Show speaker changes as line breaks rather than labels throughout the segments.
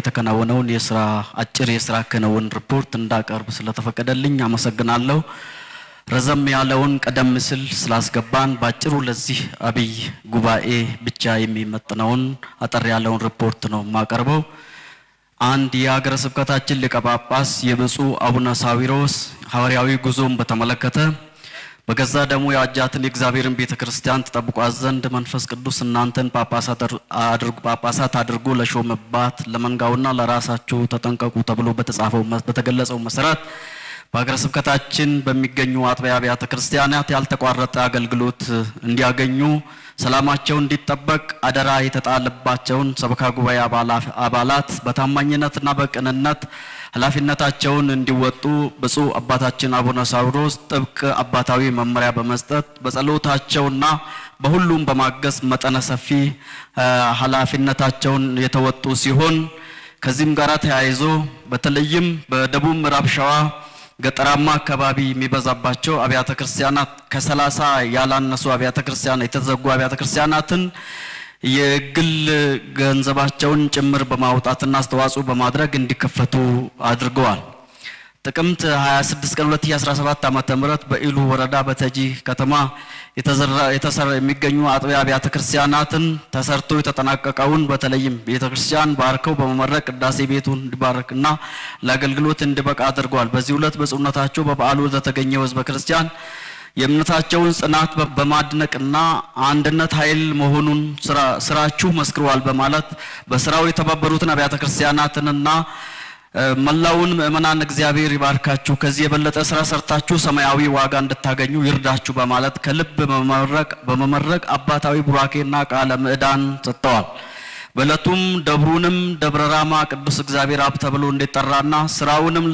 የተከናወነውን የስራ አጭር የስራ ክንውን ሪፖርት እንዳቀርብ ስለተፈቀደልኝ አመሰግናለሁ። ረዘም ያለውን ቀደም ሲል ስላስገባን በአጭሩ ለዚህ አብይ ጉባኤ ብቻ የሚመጥነውን አጠር ያለውን ሪፖርት ነው የማቀርበው። አንድ የሀገረ ስብከታችን ሊቀ ጳጳስ የብፁዕ አቡነ ሳዊሮስ ሐዋርያዊ ጉዞን በተመለከተ በገዛ ደሙ ያጃትን የእግዚአብሔርን ቤተ ክርስቲያን ትጠብቋት ዘንድ መንፈስ ቅዱስ እናንተን ጳጳሳት አድርጎ ለሾመባት ለመንጋውና ለራሳችሁ ተጠንቀቁ ተብሎ በተጻፈው በተገለጸው መሰረት በሀገረ ስብከታችን በሚገኙ አጥቢያ አብያተ ክርስቲያናት ያልተቋረጠ አገልግሎት እንዲያገኙ፣ ሰላማቸው እንዲጠበቅ አደራ የተጣለባቸውን ሰበካ ጉባኤ አባላት በታማኝነትና በቅንነት ኃላፊነታቸውን እንዲወጡ ብፁዕ አባታችን አቡነ ሳዊሮስ ጥብቅ አባታዊ መመሪያ በመስጠት በጸሎታቸውና በሁሉም በማገዝ መጠነ ሰፊ ኃላፊነታቸውን የተወጡ ሲሆን ከዚህም ጋር ተያይዞ በተለይም በደቡብ ምዕራብ ሸዋ ገጠራማ አካባቢ የሚበዛባቸው አብያተ ክርስቲያናት ከሰላሳ ያላነሱ አብያተ ክርስቲያናት የተዘጉ አብያተ ክርስቲያናትን የግል ገንዘባቸውን ጭምር በማውጣትና አስተዋጽኦ በማድረግ እንዲከፈቱ አድርገዋል። ጥቅምት 26 ቀን 2017 ዓመተ ምህረት በኢሉ ወረዳ በተጂ ከተማ የተሰራ የሚገኙ አጥቢያ አብያተ ክርስቲያናትን ተሰርቶ የተጠናቀቀውን በተለይም ቤተክርስቲያን ባርከው በመመረቅ ቅዳሴ ቤቱን እንዲባርክና ለአገልግሎት እንዲበቃ አድርጓል። በዚህ ዕለት በጽኑዕነታቸው በበዓሉ ለተገኘው ህዝበ ክርስቲያን የእምነታቸውን ጽናት በማድነቅና አንድነት ኃይል መሆኑን ስራችሁ መስክረዋል በማለት በስራው የተባበሩትን አብያተ ክርስቲያናትንና መላውን ምእመናን እግዚአብሔር ይባርካችሁ፣ ከዚህ የበለጠ ስራ ሰርታችሁ ሰማያዊ ዋጋ እንድታገኙ ይርዳችሁ በማለት ከልብ በመመረቅ አባታዊ ቡራኬና ቃለ ምዕዳን ሰጥተዋል። በእለቱም ደብሩንም ደብረ ራማ ቅዱስ እግዚአብሔር አብ ተብሎ እንዲጠራና ስራውንም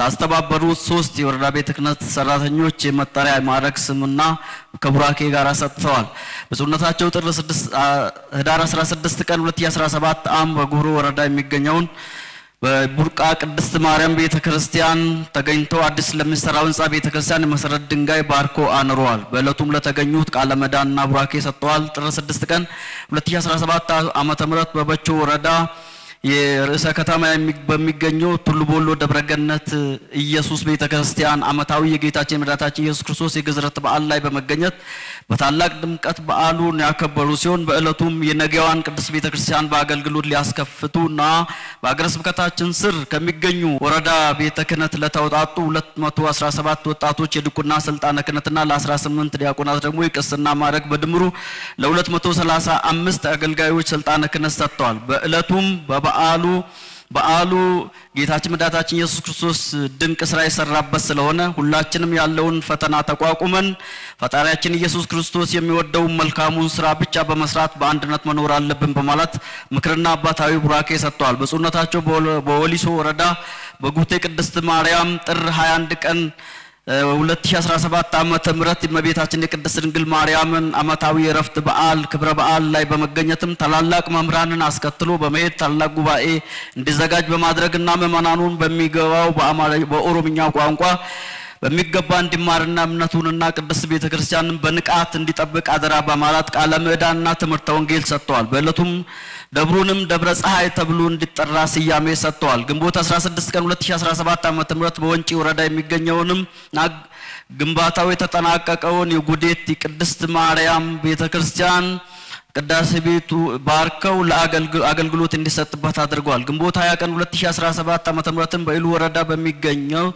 ላስተባበሩት ሶስት የወረዳ ቤተ ክህነት ሰራተኞች የመጠሪያ ማዕረግ ስምና ከቡራኬ ጋር ሰጥተዋል። ብፁዕነታቸው ጥር ህዳር 16 ቀን 2017 ዓ.ም በጉሮ ወረዳ የሚገኘውን በቡርቃ ቅድስት ማርያም ቤተ ክርስቲያን ተገኝቶ አዲስ ለሚሰራው ህንፃ ቤተ ክርስቲያን የመሰረት ድንጋይ ባርኮ አኑረዋል። በእለቱም ለተገኙት ቃለ መዳንና ቡራኬ ሰጥተዋል። ጥር 6 ቀን 2017 ዓ.ም በበቾ ወረዳ የርዕሰ ከተማ በሚገኘው ቱሉ ቦሎ ደብረገነት ኢየሱስ ቤተ ክርስቲያን ዓመታዊ የጌታችን መድኃኒታችን ኢየሱስ ክርስቶስ የግዝረት በዓል ላይ በመገኘት በታላቅ ድምቀት በዓሉን ያከበሩ ሲሆን በዕለቱም የነገዋን ቅድስት ቤተ ክርስቲያን በአገልግሎት ሊያስከፍቱ እና በአገረ ስብከታችን ስር ከሚገኙ ወረዳ ቤተ ክህነት ለተወጣጡ 217 ወጣቶች የድቁና ስልጣነ ክህነትና ለ18 ዲያቆናት ደግሞ የቅስና ማዕረግ በድምሩ ለ235 አገልጋዮች ስልጣነ ክህነት ሰጥተዋል። በዕለቱም በ በዓሉ በዓሉ ጌታችን መድኃኒታችን ኢየሱስ ክርስቶስ ድንቅ ስራ የሰራበት ስለሆነ ሁላችንም ያለውን ፈተና ተቋቁመን ፈጣሪያችን ኢየሱስ ክርስቶስ የሚወደውን መልካሙን ስራ ብቻ በመስራት በአንድነት መኖር አለብን በማለት ምክርና አባታዊ ቡራኬ ሰጥተዋል። ብፁዕነታቸው በወሊሶ ወረዳ በጉቴ ቅድስት ማርያም ጥር 21 ቀን 2017 ዓመተ ምህረት የእመቤታችን የቅድስት ድንግል ማርያምን ዓመታዊ የእረፍት በዓል ክብረ በዓል ላይ በመገኘትም ታላላቅ መምህራንን አስከትሎ በመሄድ ታላቅ ጉባኤ እንዲዘጋጅ በማድረግና ምዕመናኑን በሚገባው በኦሮምኛ ቋንቋ በሚገባ እንዲማርና እምነቱንና ቅድስት ቤተ ክርስቲያንን በንቃት እንዲጠብቅ አደራ በማለት ቃለ ምዕዳንና ትምህርተ ወንጌል ሰጥተዋል። በዕለቱም ደብሩንም ደብረ ፀሐይ ተብሎ እንዲጠራ ስያሜ ሰጥተዋል። ግንቦት 16 ቀን 2017 ዓ.ም በወንጪ ወረዳ የሚገኘውንም ግንባታው የተጠናቀቀውን የጉዴት ቅድስት ማርያም ቤተክርስቲያን ቅዳሴ ቤቱ ባርከው ለአገልግሎት እንዲሰጥበት አድርገዋል። ግንቦት 20 ቀን 2017 ዓ.ም በኢሉ ወረዳ በሚገኘው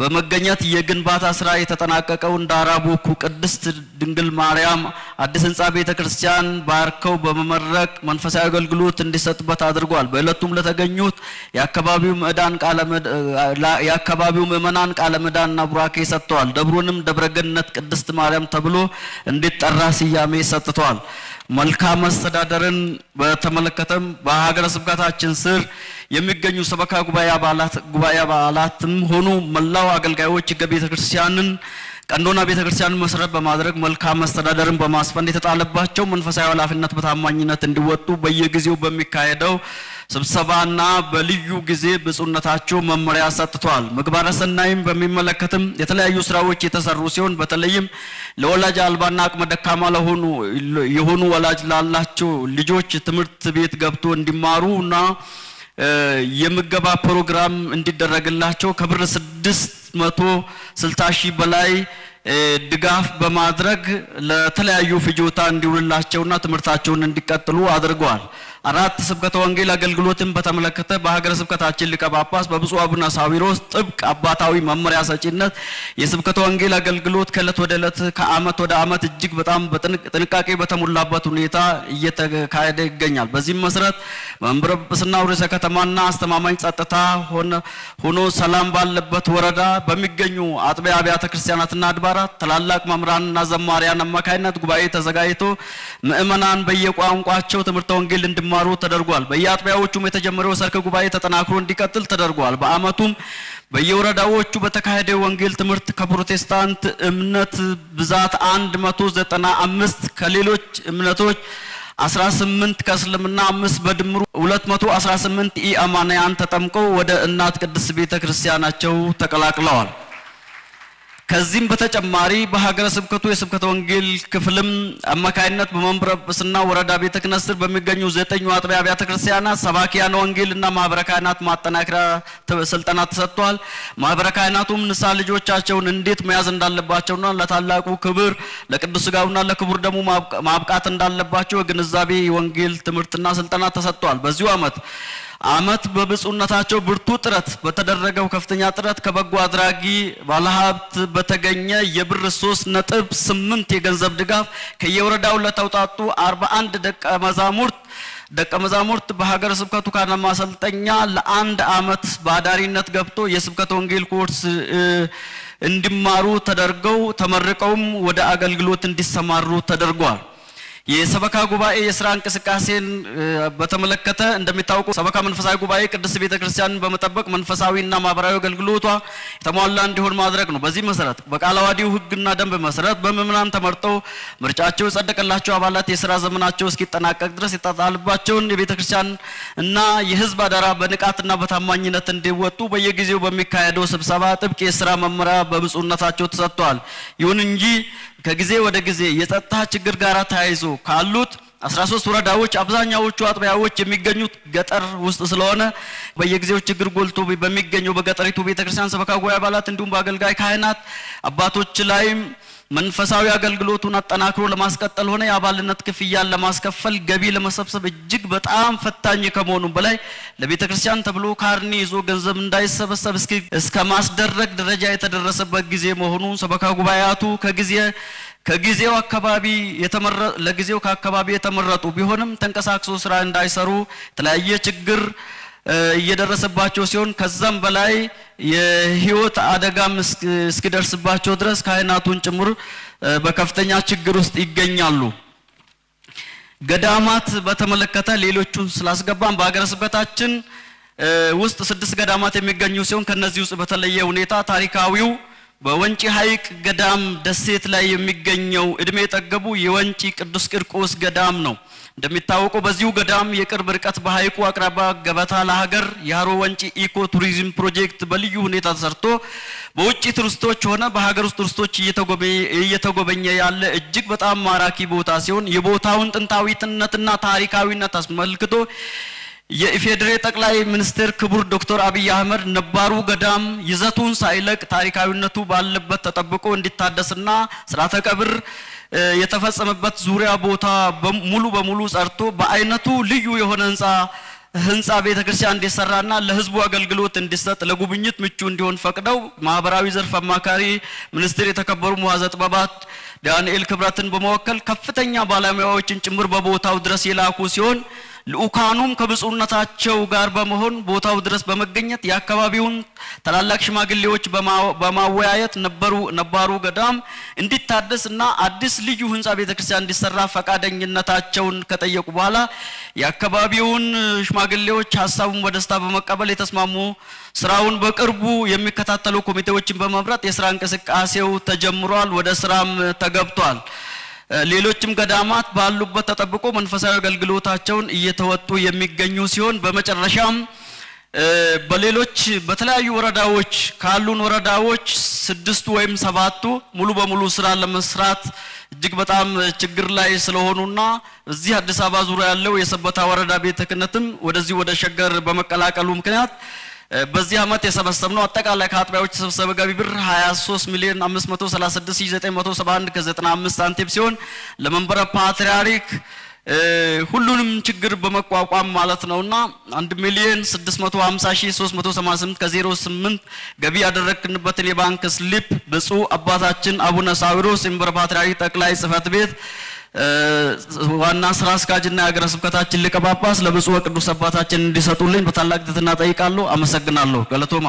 በመገኘት የግንባታ ስራ የተጠናቀቀው ዳራቡ ኩ ቅድስት ድንግል ማርያም አዲስ ህንፃ ቤተ ክርስቲያን ባርከው በመመረቅ መንፈሳዊ አገልግሎት እንዲሰጥበት አድርጓል። በዕለቱም ለተገኙት የአካባቢው ምዕመናን ቃለ ምዕዳንና ቡራኬ ሰጥተዋል። ደብሩንም ደብረገነት ቅድስት ማርያም ተብሎ እንዲጠራ ስያሜ ሰጥተዋል። መልካም መስተዳደርን በተመለከተም በሀገረ ስብከታችን ስር የሚገኙ ሰበካ ጉባኤ አባላት ጉባኤ አባላትም ሆኑ መላው አገልጋዮች ህገ ቤተ ክርስቲያንን ቀንዶና ቤተ ክርስቲያንን መሰረት በማድረግ መልካም መስተዳደርን በማስፈን የተጣለባቸው መንፈሳዊ ኃላፊነት በታማኝነት እንዲወጡ በየጊዜው በሚካሄደው ስብሰባና በልዩ ጊዜ ብፁዕነታቸው መመሪያ ሰጥቷል። ምግባረ ሰናይም በሚመለከትም የተለያዩ ስራዎች የተሰሩ ሲሆን በተለይም ለወላጅ አልባና አቅመ ደካማ ለሆኑ የሆኑ ወላጅ ላላቸው ልጆች ትምህርት ቤት ገብቶ እንዲማሩ እና የምገባ ፕሮግራም እንዲደረግላቸው ከብር ስድስት መቶ ስልሳ ሺህ በላይ ድጋፍ በማድረግ ለተለያዩ ፍጆታ እንዲውልላቸውና ትምህርታቸውን እንዲቀጥሉ አድርገዋል። አራት ስብከተ ወንጌል አገልግሎትን በተመለከተ በሀገረ ስብከታችን ሊቀ ጳጳስ በብፁዕ አቡነ ሳዊሮስ ጥብቅ አባታዊ መመሪያ ሰጪነት የስብከተ ወንጌል አገልግሎት ከእለት ወደ እለት ከአመት ወደ አመት እጅግ በጣም ጥንቃቄ በተሞላበት ሁኔታ እየተካሄደ ይገኛል። በዚህም መሰረት በመንበረ ጵጵስና ርዕሰ ከተማና አስተማማኝ ጸጥታ ሆኖ ሰላም ባለበት ወረዳ በሚገኙ አጥቢያ አብያተ ክርስቲያናትና አድባራት ታላላቅ መምህራንና ዘማሪያን አማካይነት ጉባኤ ተዘጋጅቶ ምእመናን በየቋንቋቸው ትምህርተ ወንጌል እንድ እንዲማሩ ተደርጓል። በየአጥቢያዎቹም የተጀመረው ሰርክ ጉባኤ ተጠናክሮ እንዲቀጥል ተደርጓል። በአመቱም በየወረዳዎቹ በተካሄደ ወንጌል ትምህርት ከፕሮቴስታንት እምነት ብዛት 195 ከሌሎች እምነቶች 18 ከእስልምና አምስት በድምሩ 218 ኢአማንያን ተጠምቀው ወደ እናት ቅድስት ቤተ ክርስቲያናቸው ተቀላቅለዋል። ከዚህም በተጨማሪ በሀገረ ስብከቱ የስብከተ ወንጌል ክፍልም አማካይነት በመንበረ ጵጵስና ወረዳ ቤተ ክህነት ስር በሚገኙ ዘጠኙ አጥቢያ አብያተ ክርስቲያናት ሰባኪያነ ወንጌል እና ማህበረ ካህናት ማጠናከሪያ ስልጠና ተሰጥቷል። ማህበረ ካህናቱም ንስሐ ልጆቻቸውን እንዴት መያዝ እንዳለባቸውና ለታላቁ ክብር ለቅዱስ ስጋውና ለክቡር ደሙ ማብቃት እንዳለባቸው የግንዛቤ ወንጌል ትምህርትና ስልጠና ተሰጥቷል። በዚሁ ዓመት አመት በብፁዕነታቸው ብርቱ ጥረት በተደረገው ከፍተኛ ጥረት ከበጎ አድራጊ ባለሀብት በተገኘ የብር ሶስት ነጥብ ስምንት የገንዘብ ድጋፍ ከየወረዳው ለተውጣጡ አርባ አንድ ደቀ መዛሙርት ደቀ መዛሙርት በሀገረ ስብከቱ ካህናት ማሰልጠኛ ለአንድ አመት በአዳሪነት ገብቶ የስብከት ወንጌል ኮርስ እንዲማሩ ተደርገው ተመርቀውም ወደ አገልግሎት እንዲሰማሩ ተደርጓል። የሰበካ ጉባኤ የስራ እንቅስቃሴን በተመለከተ እንደሚታወቁ ሰበካ መንፈሳዊ ጉባኤ ቅድስት ቤተ ክርስቲያንን በመጠበቅ መንፈሳዊና ማህበራዊ አገልግሎቷ የተሟላ እንዲሆን ማድረግ ነው። በዚህ መሰረት በቃለ ዓዋዲው ሕግና ደንብ መሰረት በምዕመናን ተመርጠው ምርጫቸው የጸደቀላቸው አባላት የስራ ዘመናቸው እስኪጠናቀቅ ድረስ የተጣለባቸውን የቤተ ክርስቲያን እና የሕዝብ አደራ በንቃትና በታማኝነት እንዲወጡ በየጊዜው በሚካሄደው ስብሰባ ጥብቅ የስራ መመሪያ በብፁዕነታቸው ተሰጥቷል። ይሁን እንጂ ከጊዜ ወደ ጊዜ የጸጥታ ችግር ጋር ተያይዞ ካሉት 13 ወረዳዎች አብዛኛዎቹ አጥቢያዎች የሚገኙት ገጠር ውስጥ ስለሆነ በየጊዜው ችግር ጎልቶ በሚገኘው በገጠሪቱ ቤተክርስቲያን ሰበካ ጉባኤ አባላት እንዲሁም በአገልጋይ ካህናት አባቶች ላይም መንፈሳዊ አገልግሎቱን አጠናክሮ ለማስቀጠል ሆነ የአባልነት ክፍያን ለማስከፈል ገቢ ለመሰብሰብ እጅግ በጣም ፈታኝ ከመሆኑ በላይ ለቤተ ክርስቲያን ተብሎ ካርኒ ይዞ ገንዘብ እንዳይሰበሰብ እስከ ማስደረግ ደረጃ የተደረሰበት ጊዜ መሆኑን ሰበካ ጉባኤያቱ ከጊዜ ከጊዜው አካባቢ ለጊዜው ከአካባቢ የተመረጡ ቢሆንም ተንቀሳቅሶ ስራ እንዳይሰሩ የተለያየ ችግር እየደረሰባቸው ሲሆን ከዛም በላይ የህይወት አደጋም እስኪደርስባቸው ድረስ ካህናቱን ጭምር በከፍተኛ ችግር ውስጥ ይገኛሉ። ገዳማት በተመለከተ ሌሎቹን ስላስገባም በሀገረ ስብከታችን ውስጥ ስድስት ገዳማት የሚገኙ ሲሆን ከነዚህ ውስጥ በተለየ ሁኔታ ታሪካዊው በወንጪ ሐይቅ ገዳም ደሴት ላይ የሚገኘው እድሜ የጠገቡ የወንጪ ቅዱስ ቂርቆስ ገዳም ነው። እንደሚታወቀው በዚሁ ገዳም የቅርብ ርቀት በሐይቁ አቅራቢያ ገበታ ለሀገር የሀሮ ወንጪ ኢኮ ቱሪዝም ፕሮጀክት በልዩ ሁኔታ ተሰርቶ በውጭ ቱሪስቶች ሆነ በሀገር ውስጥ ቱሪስቶች እየተጎበኘ ያለ እጅግ በጣም ማራኪ ቦታ ሲሆን የቦታውን ጥንታዊነትና ታሪካዊነት አስመልክቶ የኢፌዴሬ ጠቅላይ ሚኒስትር ክቡር ዶክተር አብይ አህመድ ነባሩ ገዳም ይዘቱን ሳይለቅ ታሪካዊነቱ ባለበት ተጠብቆ እንዲታደስና ስርዓተ ቀብር የተፈጸመበት ዙሪያ ቦታ ሙሉ በሙሉ ጸርቶ በአይነቱ ልዩ የሆነ ህንፃ ህንፃ ቤተ ክርስቲያን እንዲሰራና ለህዝቡ አገልግሎት እንዲሰጥ ለጉብኝት ምቹ እንዲሆን ፈቅደው ማህበራዊ ዘርፍ አማካሪ ሚኒስትር የተከበሩ መዋዘ ጥበባት ዳንኤል ክብረትን በመወከል ከፍተኛ ባለሙያዎችን ጭምር በቦታው ድረስ የላኩ ሲሆን ልኡካኑም ከብፁዕነታቸው ጋር በመሆን ቦታው ድረስ በመገኘት የአካባቢውን ታላላቅ ሽማግሌዎች በማወያየት ነበሩ ነባሩ ገዳም እንዲታደስ እና አዲስ ልዩ ህንፃ ቤተክርስቲያን እንዲሰራ ፈቃደኝነታቸውን ከጠየቁ በኋላ የአካባቢውን ሽማግሌዎች ሀሳቡን በደስታ በመቀበል የተስማሙ ስራውን በቅርቡ የሚከታተሉ ኮሚቴዎችን በመምረጥ የስራ እንቅስቃሴው ተጀምሯል። ወደ ስራም ተገብቷል። ሌሎችም ገዳማት ባሉበት ተጠብቆ መንፈሳዊ አገልግሎታቸውን እየተወጡ የሚገኙ ሲሆን በመጨረሻም በሌሎች በተለያዩ ወረዳዎች ካሉን ወረዳዎች ስድስቱ ወይም ሰባቱ ሙሉ በሙሉ ስራ ለመስራት እጅግ በጣም ችግር ላይ ስለሆኑና እዚህ አዲስ አበባ ዙሪያ ያለው የሰበታ ወረዳ ቤተ ክህነትም ወደዚህ ወደ ሸገር በመቀላቀሉ ምክንያት በዚህ ዓመት የሰበሰብነው አጠቃላይ ከአጥቢያዎች ስብሰባ ገቢ ብር 23 ሚሊዮን 536971 ከ95 ሳንቲም ሲሆን ለመንበረ ፓትርያርክ ሁሉንም ችግር በመቋቋም ማለት ነውና 1 ሚሊዮን 650388 ከ08 ገቢ ያደረግንበትን የባንክ ስሊፕ ብፁዕ አባታችን አቡነ ሳዊሮስ የመንበረ ፓትርያርክ ጠቅላይ ጽህፈት ቤት ዋና ስራ አስኪያጅና የሀገረ ስብከታችን ሊቀ ጳጳስ ለብፁዕ ወቅዱስ አባታችን እንዲሰጡልኝ በታላቅ ትህትና ጠይቃለሁ። አመሰግናለሁ። ገለቶማ